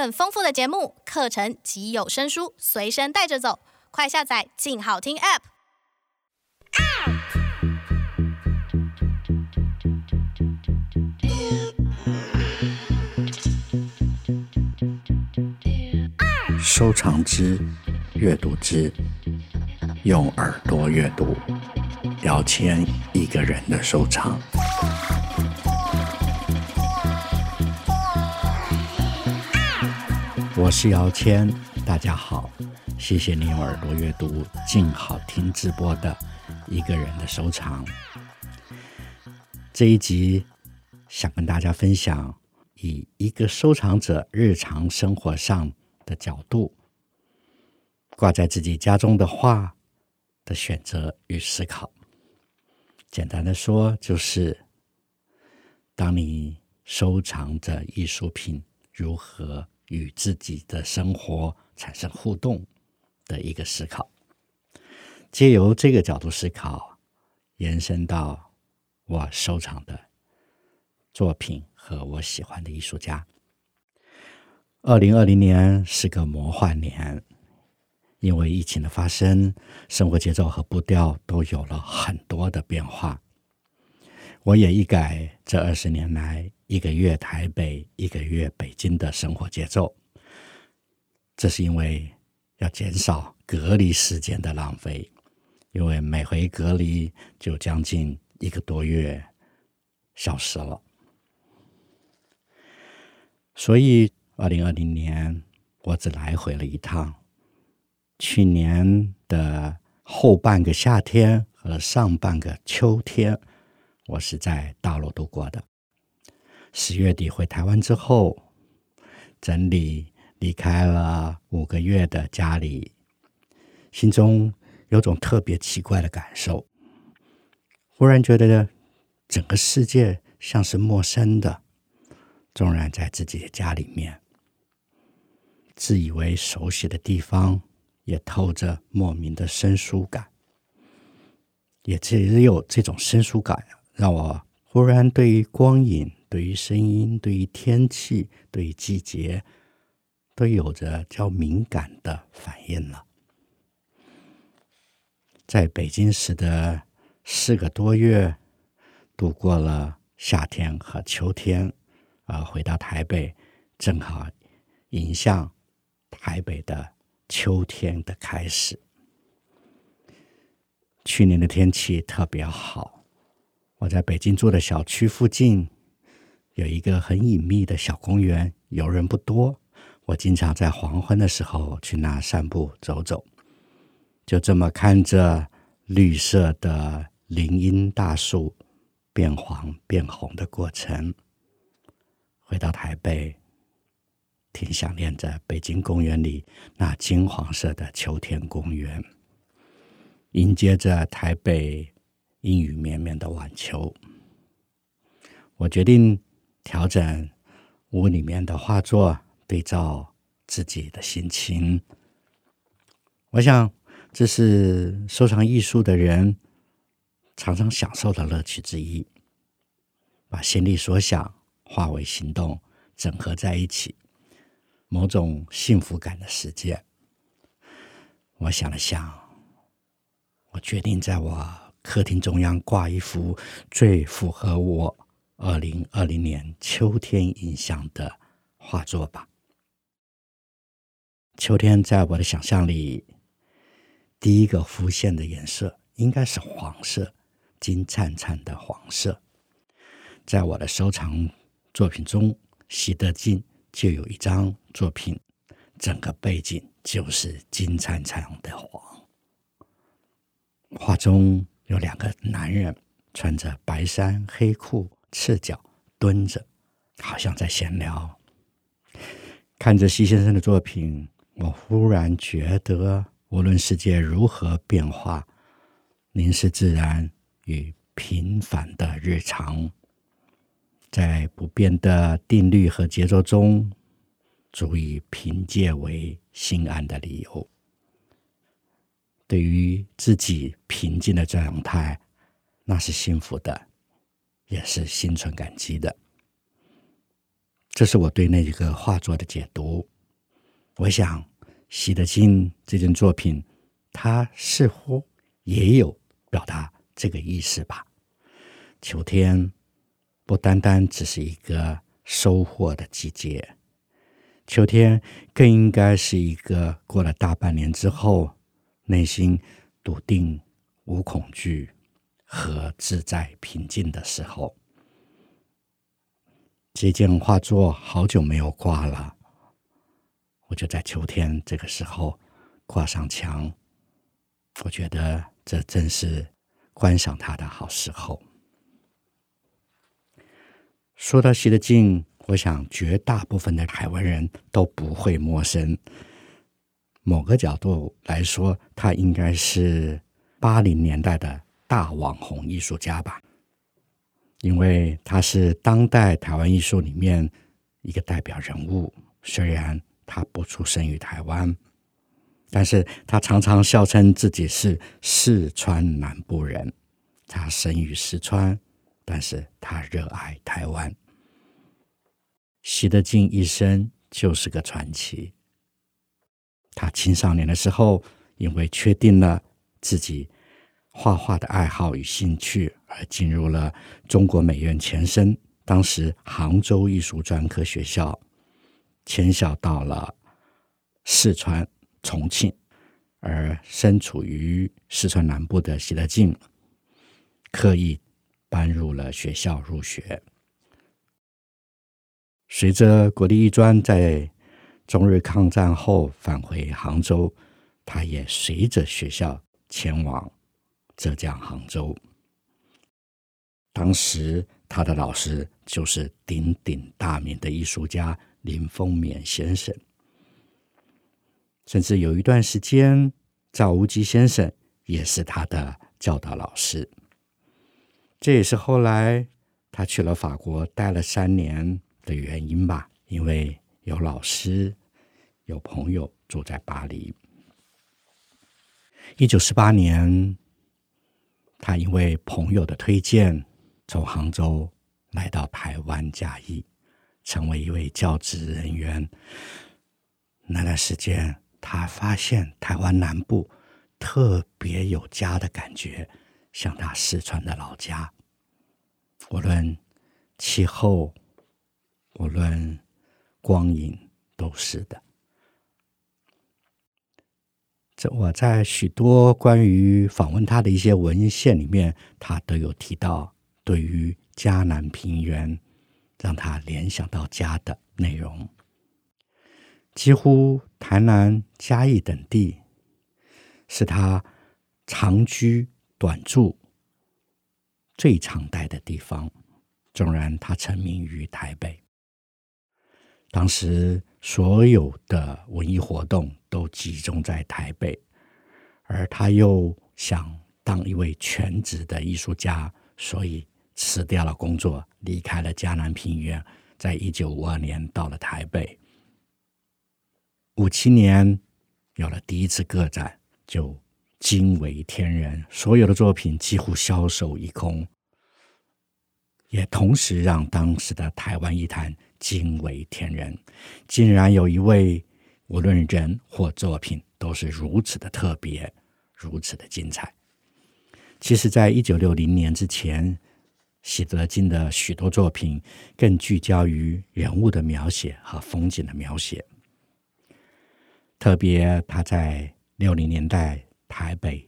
很豐富的節目、課程及有聲書隨身帶着走，快下載“靜好聽 ”App。啊、收藏之、閱讀之，用耳朵閱讀，姚謙一個人的收藏。我是姚謙，大家好，謝謝你用耳朵閱讀靜好聽直播的一個人的收藏。這一集想跟大家分享，以一個收藏者日常生活上的角度，掛在自己家中的畫的選擇與思考。簡單的說，就是當你收藏着藝術品，如何？與自己的生活產生互動的一個思考，借由這個角度思考，延伸到我收藏的作品和我喜歡的藝術家。二零二零年是個魔幻年，因為疫情的發生，生活節奏和步調都有了很多的變化。我也一改這二十年來。一個月台北，一個月北京的生活節奏，這是因為要減少隔離時間的浪費，因為每回隔離就將近一個多月消失了。所以，2020年我只來回了一趟。去年的後半個夏天和上半個秋天，我是在大陸度過的。十月底回台灣之後，整理離開了五個月的家裡，心中有種特別奇怪的感受。忽然覺得整個世界像是陌生的，縱然在自己的家裡面，自以為熟悉的地方，也透着莫名的生疏感。也只有這種生疏感，讓我忽然對於光影，對於聲音、對於天氣、對於季節，都有着較敏感的反應了。在北京時的四個多月，度過了夏天和秋天，啊，回到台北，正好迎向台北的秋天的開始。去年的天氣特別好，我在北京住的小區附近。有一個很隱秘的小公園，遊人不多。我經常在黃昏的時候去那散步走走，就這麼看着綠色的林蔭大樹變黃變紅的過程。回到台北，挺想念在北京公園裡那金黃色的秋天公園。迎接着台北陰雨綿綿的晚秋，我決定。調整屋裡面的畫作，對照自己的心情。我想，這是收藏藝術的人常常享受的樂趣之一。把心裡所想化為行動，整合在一起，某種幸福感的世界。我想了想，我決定在我客廳中央掛一幅最符合我。二零二零年秋天印象的畫作吧。秋天在我的想象裡，第一個浮現的顏色應該是黃色，金燦燦的黃色。在我的收藏作品中，席德進就有一張作品，整個背景就是金燦燦的黃。畫中有兩個男人，穿着白衫黑褲。赤腳蹲着，好像在閒聊。看着席先生的作品，我忽然覺得，無論世界如何變化，凝視自然與平凡的日常，在不變的定律和節奏中，足以憑借為心安的理由。對於自己平靜的狀態，那是幸福的。也是心存感激的，這是我對那一個畫作的解讀。我想，《席德進》這件作品，它似乎也有表達這個意思吧。秋天不單單只是一個收穫的季節，秋天更應該是一個過了大半年之後，內心篤定、無恐懼，和自在平靜的時候，這件畫作好久沒有掛了，我就在秋天這個時候掛上牆。我覺得這正是觀賞它的好時候。說到席德進，我想絕大部分的台灣人都不會陌生。某個角度來說，他應該是八零年代的。大網紅藝術家吧，因為他是當代台灣藝術裡面一個代表人物。雖然他不出生於台灣，但是他常常笑稱自己是四川南部人。他生於四川，但是他熱愛台灣。席德進一生就是個傳奇。他青少年的時候，因為確定了自己。畫畫的愛好與興趣，而進入了中國美院前身——當時杭州藝術專科學校。遷校到了四川重慶，而身處於四川南部的席德進，刻意搬入了學校入學。隨着國立藝專在中日抗戰後返回杭州，他也隨着學校前往。浙江杭州，當時他的老師就是鼎鼎大名的藝術家林風眠先生，甚至有一段時間，趙無極先生也是他的教導老師。這也是後來他去了法國待了三年的原因吧，因為有老師、有朋友住在巴黎。一九四八年。他因為朋友的推薦，從杭州來到台灣嘉義，成為一位教職人員。那段時間，他發現台灣南部特別有家的感覺，像他四川的老家，無論氣候，無論光影，都是的。這我在許多關於訪問他的一些文獻裡面，他都有提到對於嘉南平原讓他聯想到家的內容，幾乎台南、嘉義等地是他長居短住、最常待的地方，縱然他成名於台北。當時所有的文藝活動都集中在台北，而他又想當一位全職的藝術家，所以辭掉了工作，離開了嘉南平原，在一九五二年到了台北。五七年有了第一次個展，就驚為天人，所有的作品幾乎銷售一空，也同時讓當時的台灣藝壇。驚為天人，竟然有一位無論人或作品都是如此的特別，如此的精彩。其實，在一九六零年之前，席德進的許多作品更聚焦於人物的描寫和風景的描寫。特別他在六零年代台北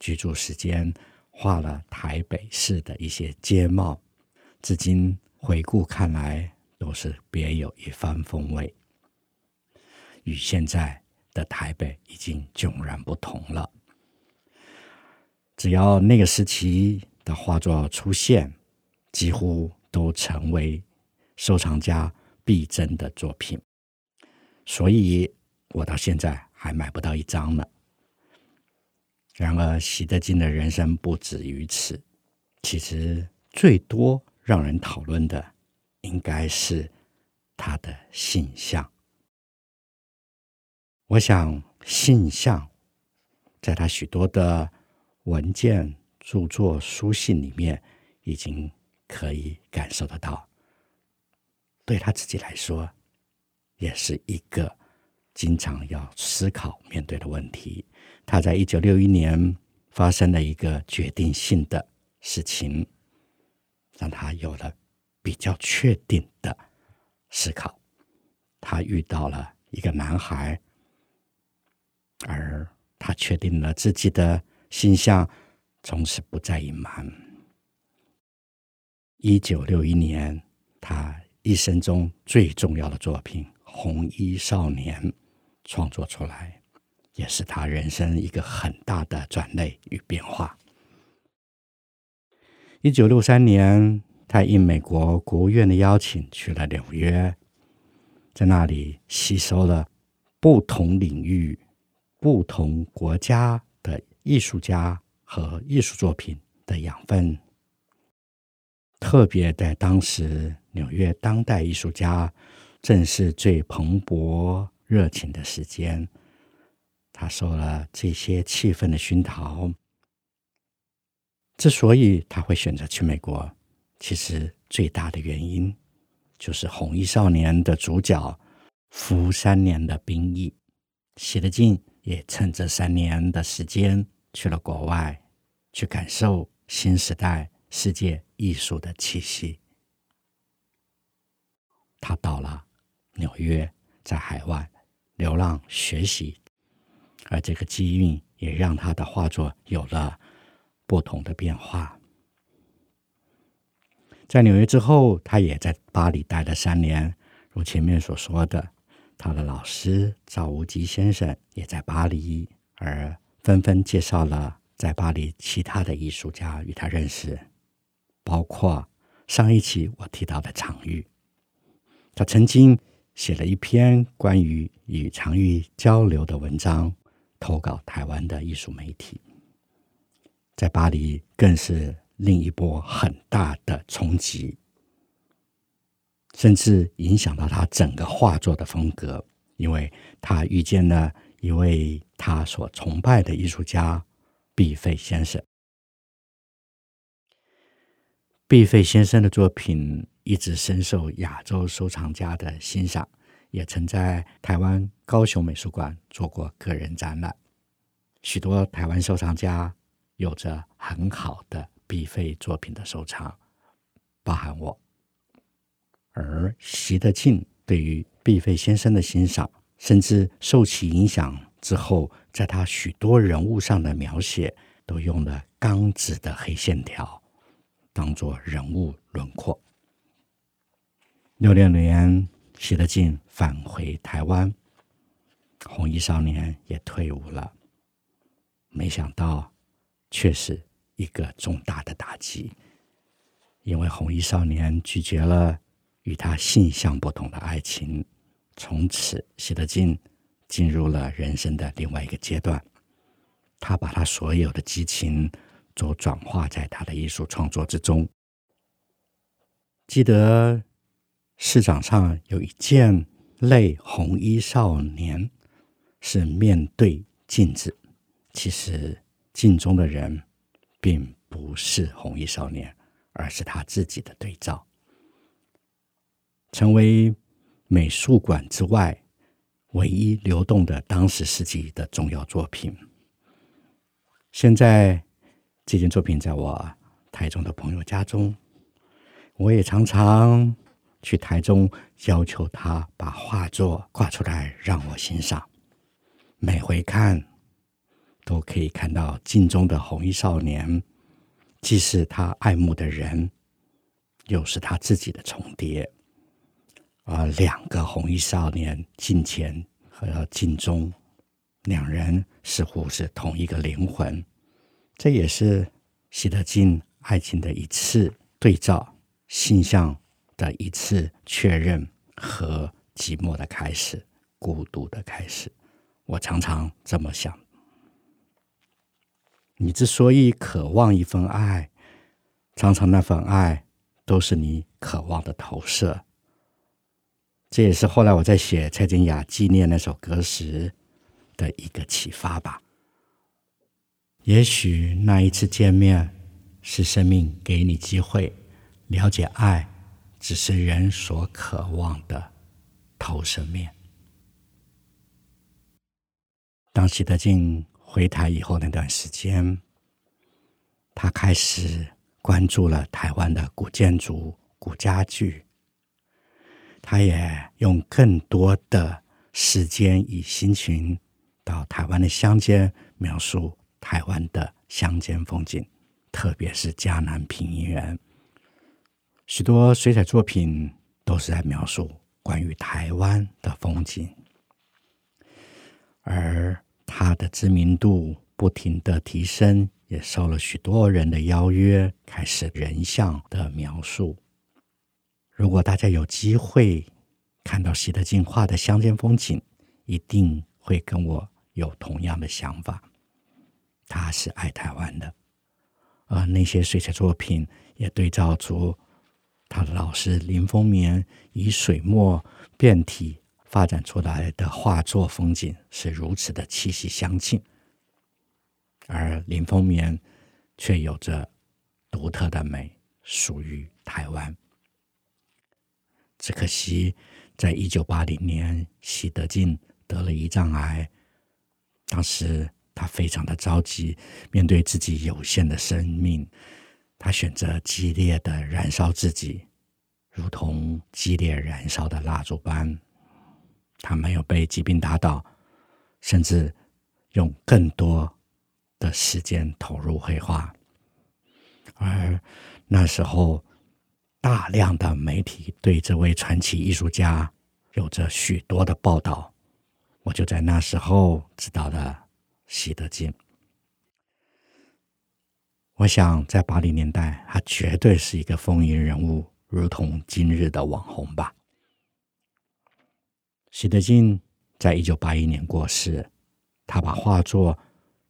居住時間，畫了台北市的一些街貌，至今回顧看來，都是別有一番風味，與現在的台北已經迥然不同了。只要那個時期的畫作出現，幾乎都成為收藏家必爭的作品，所以我到現在還買不到一張呢。然而，席德進的人生不止於此。其實，最多讓人討論的。應該是他的性向。我想，性向在他許多的文件、著作、書信裡面，已經可以感受得到。對他自己來說，也是一個經常要思考、面對的問題。他在一九六一年發生了一個決定性的事情，讓他有了。比較確定的思考，他遇到了一個男孩，而他確定了自己的心象，從此不再隱瞞。一九六一年，他一生中最重要的作品《紅衣少年》創作出來，也是他人生一個很大的轉捩與變化。一九六三年。他應美國國務院的邀請去了紐約，在那裡吸收了不同領域、不同國家的藝術家和藝術作品的養分。特別在當時紐約當代藝術家正是最蓬勃熱情的時間，他受了這些氣氛的熏陶，之所以他會選擇去美國。其實最大的原因，就是紅衣少年的主角服三年的兵役，席德進也趁這三年的時間去了國外，去感受新時代世界藝術的氣息。他到了紐約，在海外流浪學習，而這個機遇也讓他的畫作有了不同的變化。在紐約之後，他也在巴黎待了三年。如前面所說的，他的老師趙無極先生也在巴黎，而紛紛介紹了在巴黎其他的藝術家與他認識，包括上一期我提到的常玉。他曾經寫了一篇關於與常玉交流的文章，投稿台灣的藝術媒體。在巴黎更是。另一波很大的衝擊，甚至影響到他整個畫作的風格，因為他遇見了一位他所崇拜的藝術家，畢費先生。畢費先生的作品一直深受亞洲收藏家的欣賞，也曾在台灣高雄美術館做過個人展覽。許多台灣收藏家有着很好的。畢費作品的收藏包含我，而席德進對於畢費先生的欣賞，甚至受其影響之後，在他許多人物上的描寫，都用了鋼筆的黑線條當做人物輪廓。六六年，席德進返回台灣，紅衣少年也退伍了，沒想到卻是確實一個重大的打擊，因為紅衣少年拒絕了與他性向不同的愛情，從此席德進進入了人生的另外一個階段。他把他所有的激情都轉化在他的藝術創作之中。記得市場上有一件《類紅衣少年》，是面對鏡子，其實鏡中的人。並不是紅衣少年，而是他自己的對照，成為美術館之外唯一流動的當時世紀的重要作品。現在這件作品在我台中的朋友家中，我也常常去台中要求他把畫作掛出來讓我欣賞，每回看。都可以看到鏡中的紅衣少年，既是他愛慕的人，又是他自己的重疊。而兩個紅衣少年鏡前和鏡中，兩人似乎是同一個靈魂。這也是席德進愛情的一次對照，性向的一次確認和寂寞的開始，孤獨的開始。我常常這麼想。你之所以渴望一份愛，常常那份愛都是你渴望的投射。這也是後來我在寫蔡健雅紀念那首歌時的一個啟發吧。也許那一次見面是生命給你機會了解愛，只是人所渴望的投射面。當席德進。回台以後那段時間，他開始關注了台灣的古建築、古家具。他也用更多的時間與心情到台灣的鄉間，描述台灣的鄉間風景，特別是嘉南平原。許多水彩作品都是在描述關於台灣的風景，而。他的知名度不停地提升，也受了許多人的邀約，開始人像的描述。如果大家有機會看到席德進畫的鄉間風景，一定會跟我有同樣的想法。他是愛台灣的，呃，那些水彩作品也對照出他的老師林風眠以水墨變體。發展出來的畫作風景是如此的氣息相近，而林風眠卻有着獨特的美，屬於台灣。只可惜，在一九八零年，席德進得了胰臟癌，當時他非常的着急，面對自己有限的生命，他選擇激烈的燃燒自己，如同激烈燃燒的蠟燭般。他沒有被疾病打倒，甚至用更多的時間投入繪畫。而那時候，大量的媒體對這位傳奇藝術家有着許多的報道。我就在那時候知道了席德進。我想，在八零年代，他絕對是一個風雲人物，如同今日的網紅吧。席德進在一九八一年過世，他把畫作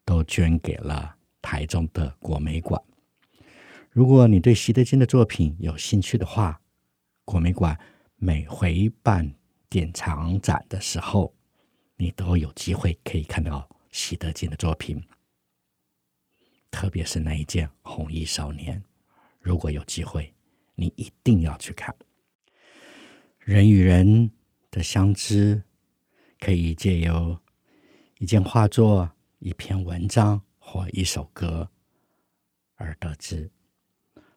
都捐給了台中的國美館。如果你對席德進的作品有興趣的話，國美館每回辦典藏展的時候，你都有機會可以看到席德進的作品，特別是那一件《紅衣少年》，如果有機會，你一定要去看。人與人的相知，可以借由一件畫作、一篇文章或一首歌而得知。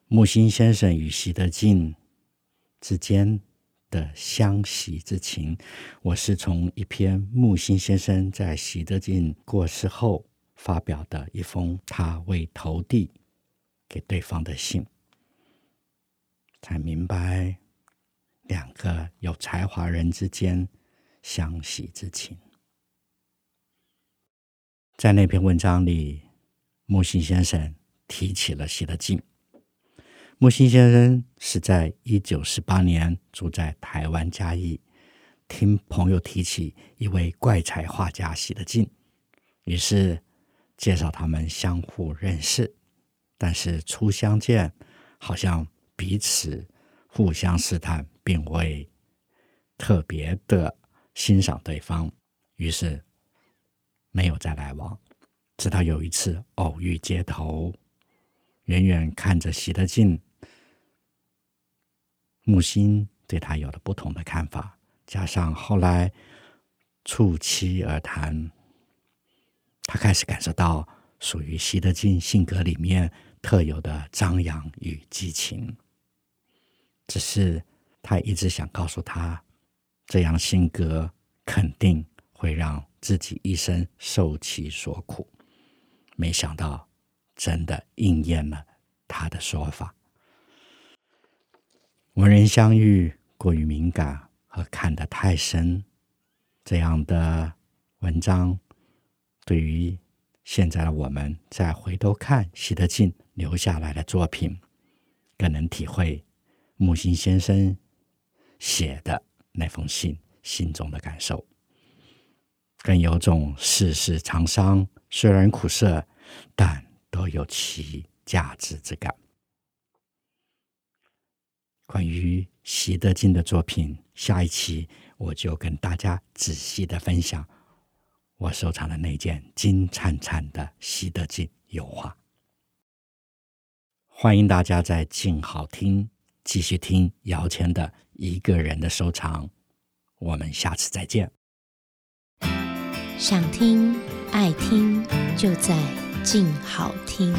木心先生與席德進之間的相惜之情，我是從一篇木心先生在席德進過世後發表的一封他未投遞給對方的信，才明白。兩個有才華人之間相惜之情，在那篇文章裡，木心先生提起了席德進。木心先生是在一九四八年住在台灣嘉義，聽朋友提起一位怪才畫家席德進，於是介紹他們相互認識。但是初相見，好像彼此互相試探。並未特別的欣賞對方，於是沒有再來往。直到有一次偶遇街頭，遠遠看着席德進，木心對他有了不同的看法。加上後來促膝而談，他開始感受到屬於席德進性格裡面特有的張揚與激情。只是。他一直想告訴他，這樣性格肯定會讓自己一生受其所苦。沒想到，真的應驗了他的說法。文人相遇過於敏感和看得太深，這樣的文章，對於現在的我們再回頭看，席德進留下來的作品，更能體會木心先生寫的那封信，心中的感受，更有種世事滄桑，雖然苦澀，但都有其價值之感。關於席德進的作品，下一期我就跟大家仔細的分享我收藏的那件金燦燦的席德進油畫。歡迎大家在靜好聽繼續聽姚謙的一個人的收藏，我們下次再見。想聽、愛聽，就在靜好聽。